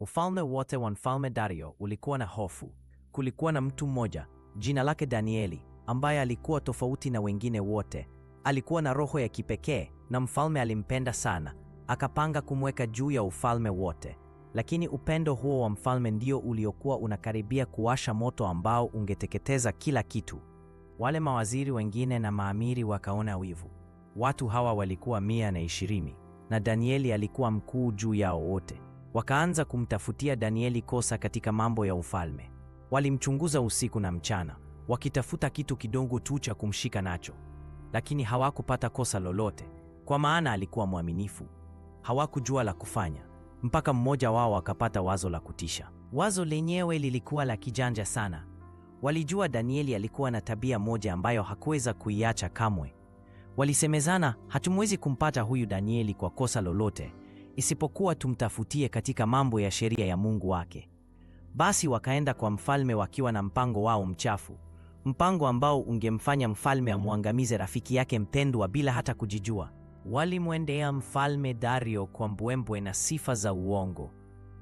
Ufalme wote wa Mfalme Dario ulikuwa na hofu. Kulikuwa na mtu mmoja, jina lake Danieli, ambaye alikuwa tofauti na wengine wote. Alikuwa na roho ya kipekee na mfalme alimpenda sana, akapanga kumweka juu ya ufalme wote. Lakini upendo huo wa mfalme ndio uliokuwa unakaribia kuwasha moto ambao ungeteketeza kila kitu. Wale mawaziri wengine na maamiri wakaona wivu. Watu hawa walikuwa mia na ishirini na Danieli alikuwa mkuu juu yao wote. Wakaanza kumtafutia Danieli kosa katika mambo ya ufalme. Walimchunguza usiku na mchana, wakitafuta kitu kidogo tu cha kumshika nacho, lakini hawakupata kosa lolote, kwa maana alikuwa mwaminifu. Hawakujua la kufanya mpaka mmoja wao akapata wazo la kutisha. Wazo lenyewe lilikuwa la kijanja sana. Walijua Danieli alikuwa na tabia moja ambayo hakuweza kuiacha kamwe. Walisemezana, hatumwezi kumpata huyu Danieli kwa kosa lolote, isipokuwa tumtafutie katika mambo ya sheria ya Mungu wake. Basi wakaenda kwa mfalme wakiwa na mpango wao mchafu, mpango ambao ungemfanya mfalme amwangamize rafiki yake mpendwa bila hata kujijua. Walimwendea mfalme Dario kwa mbwembwe na sifa za uongo,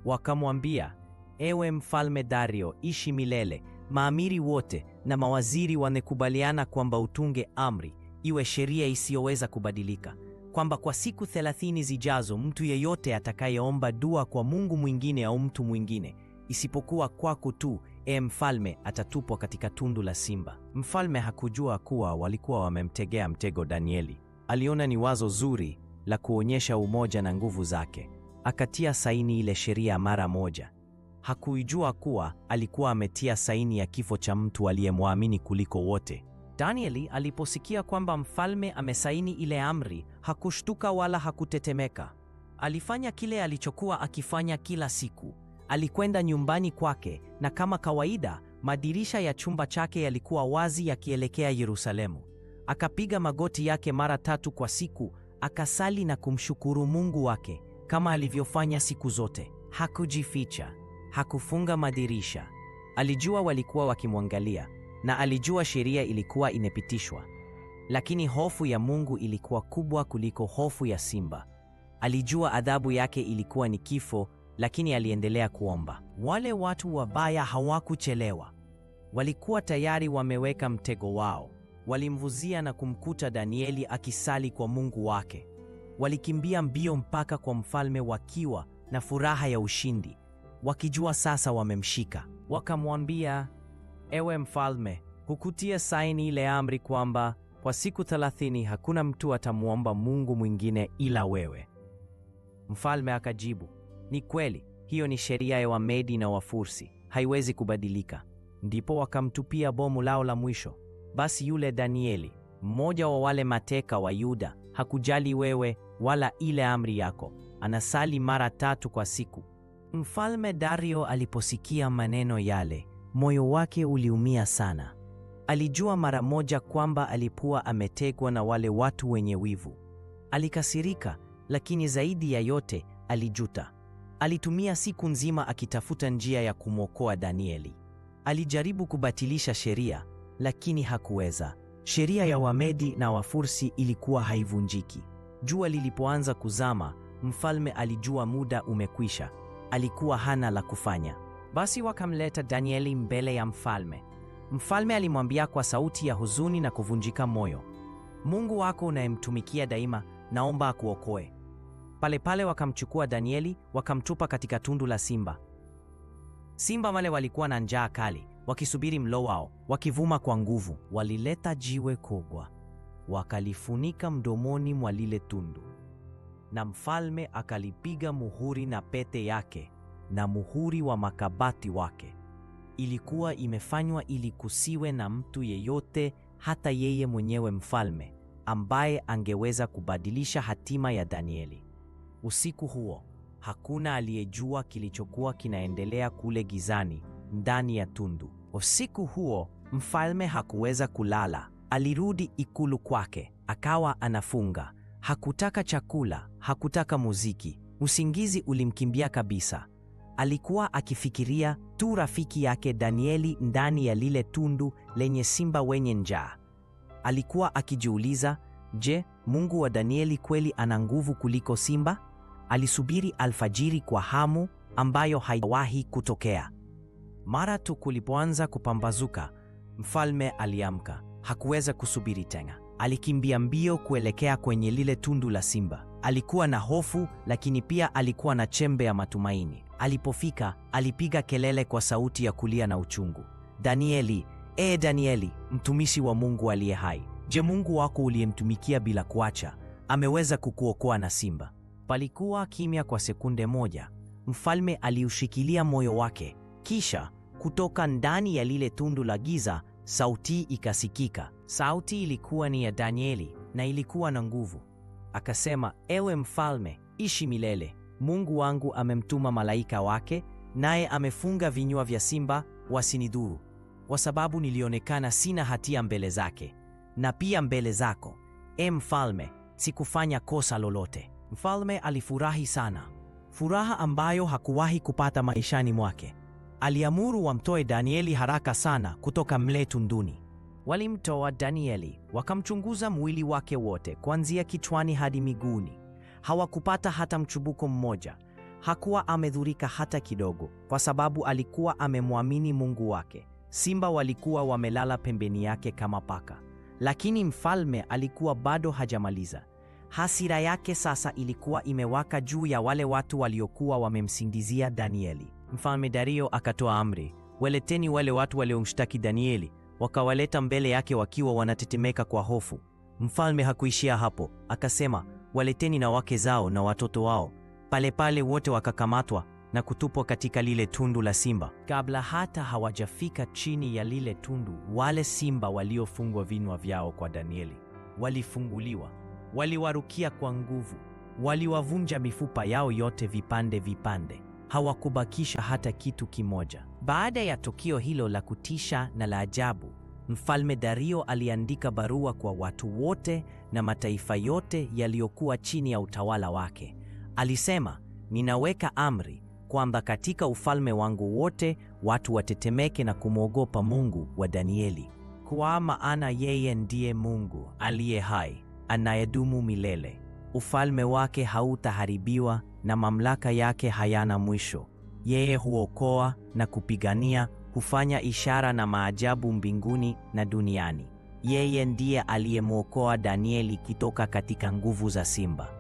wakamwambia, ewe mfalme Dario, ishi milele. Maamiri wote na mawaziri wamekubaliana kwamba utunge amri, iwe sheria isiyoweza kubadilika kwamba kwa siku thelathini zijazo mtu yeyote atakayeomba dua kwa mungu mwingine au mtu mwingine isipokuwa kwako tu, e mfalme, atatupwa katika tundu la simba. Mfalme hakujua kuwa walikuwa wamemtegea mtego Danieli. Aliona ni wazo zuri la kuonyesha umoja na nguvu zake, akatia saini ile sheria mara moja. Hakuijua kuwa alikuwa ametia saini ya kifo cha mtu aliyemwamini kuliko wote. Danieli aliposikia kwamba mfalme amesaini ile amri, hakushtuka wala hakutetemeka. Alifanya kile alichokuwa akifanya kila siku. Alikwenda nyumbani kwake na kama kawaida, madirisha ya chumba chake yalikuwa wazi yakielekea Yerusalemu. Akapiga magoti yake mara tatu kwa siku, akasali na kumshukuru Mungu wake kama alivyofanya siku zote. Hakujificha, hakufunga madirisha. Alijua walikuwa wakimwangalia na alijua sheria ilikuwa imepitishwa, lakini hofu ya Mungu ilikuwa kubwa kuliko hofu ya simba. Alijua adhabu yake ilikuwa ni kifo, lakini aliendelea kuomba. Wale watu wabaya hawakuchelewa, walikuwa tayari wameweka mtego wao. Walimvuzia na kumkuta Danieli akisali kwa Mungu wake. Walikimbia mbio mpaka kwa mfalme wakiwa na furaha ya ushindi, wakijua sasa wamemshika. Wakamwambia, Ewe mfalme, hukutia saini ile amri kwamba kwa siku thelathini hakuna mtu atamwomba Mungu mwingine ila wewe. Mfalme akajibu, ni kweli, hiyo ni sheria ya Wamedi na Wafursi, haiwezi kubadilika. Ndipo wakamtupia bomu lao la mwisho. Basi yule Danieli, mmoja wa wale mateka wa Yuda, hakujali wewe wala ile amri yako, anasali mara tatu kwa siku. Mfalme Dario aliposikia maneno yale Moyo wake uliumia sana. Alijua mara moja kwamba alikuwa ametegwa na wale watu wenye wivu. Alikasirika, lakini zaidi ya yote alijuta. Alitumia siku nzima akitafuta njia ya kumwokoa Danieli. Alijaribu kubatilisha sheria, lakini hakuweza. Sheria ya Wamedi na Wafursi ilikuwa haivunjiki. Jua lilipoanza kuzama, mfalme alijua muda umekwisha. Alikuwa hana la kufanya. Basi wakamleta Danieli mbele ya mfalme. Mfalme alimwambia kwa sauti ya huzuni na kuvunjika moyo, Mungu wako unayemtumikia daima, naomba akuokoe. Palepale wakamchukua Danieli wakamtupa katika tundu la simba. Simba wale walikuwa na njaa kali, wakisubiri mlo wao, wakivuma kwa nguvu. Walileta jiwe kubwa wakalifunika mdomoni mwa lile tundu, na mfalme akalipiga muhuri na pete yake na muhuri wa makabati wake. Ilikuwa imefanywa ili kusiwe na mtu yeyote, hata yeye mwenyewe mfalme, ambaye angeweza kubadilisha hatima ya Danieli. Usiku huo hakuna aliyejua kilichokuwa kinaendelea kule gizani ndani ya tundu. Usiku huo mfalme hakuweza kulala. Alirudi ikulu kwake, akawa anafunga. Hakutaka chakula, hakutaka muziki. Usingizi ulimkimbia kabisa. Alikuwa akifikiria tu rafiki yake Danieli ndani ya lile tundu lenye simba wenye njaa. Alikuwa akijiuliza, je, Mungu wa Danieli kweli ana nguvu kuliko simba? Alisubiri alfajiri kwa hamu ambayo haijawahi kutokea. Mara tu kulipoanza kupambazuka, mfalme aliamka. Hakuweza kusubiri tena. Alikimbia mbio kuelekea kwenye lile tundu la simba. Alikuwa na hofu, lakini pia alikuwa na chembe ya matumaini. Alipofika, alipiga kelele kwa sauti ya kulia na uchungu. Danieli, ee Danieli, mtumishi wa Mungu aliye hai. Je, Mungu wako uliyemtumikia bila kuacha, ameweza kukuokoa na simba? Palikuwa kimya kwa sekunde moja. Mfalme aliushikilia moyo wake. Kisha kutoka ndani ya lile tundu la giza, sauti ikasikika. Sauti ilikuwa ni ya Danieli na ilikuwa na nguvu. Akasema, ewe mfalme, ishi milele. Mungu wangu amemtuma malaika wake, naye amefunga vinywa vya simba wasinidhuru, kwa sababu nilionekana sina hatia mbele zake na pia mbele zako, e mfalme, sikufanya kosa lolote. Mfalme alifurahi sana, furaha ambayo hakuwahi kupata maishani mwake. Aliamuru wamtoe Danieli haraka sana kutoka mle tunduni. Walimtoa Danieli, wakamchunguza mwili wake wote kuanzia kichwani hadi miguuni. Hawakupata hata mchubuko mmoja. Hakuwa amedhurika hata kidogo, kwa sababu alikuwa amemwamini Mungu wake. Simba walikuwa wamelala pembeni yake kama paka, lakini mfalme alikuwa bado hajamaliza. Hasira yake sasa ilikuwa imewaka juu ya wale watu waliokuwa wamemsingizia Danieli. Mfalme Dario akatoa amri, waleteni wale watu waliomshtaki Danieli. Wakawaleta mbele yake wakiwa wanatetemeka kwa hofu. Mfalme hakuishia hapo, akasema waleteni na wake zao na watoto wao. Palepale wote wakakamatwa na kutupwa katika lile tundu la simba. Kabla hata hawajafika chini ya lile tundu, wale simba waliofungwa vinywa vyao kwa Danieli walifunguliwa, waliwarukia kwa nguvu, waliwavunja mifupa yao yote vipande vipande, hawakubakisha hata kitu kimoja. Baada ya tukio hilo la kutisha na la ajabu, Mfalme Dario aliandika barua kwa watu wote na mataifa yote yaliyokuwa chini ya utawala wake. Alisema, ninaweka amri kwamba katika ufalme wangu wote watu watetemeke na kumwogopa Mungu wa Danieli, kwa maana yeye ndiye Mungu aliye hai, anayedumu milele. Ufalme wake hautaharibiwa na mamlaka yake hayana mwisho. Yeye huokoa na kupigania, hufanya ishara na maajabu mbinguni na duniani. Yeye ndiye aliyemwokoa Danieli kitoka katika nguvu za simba.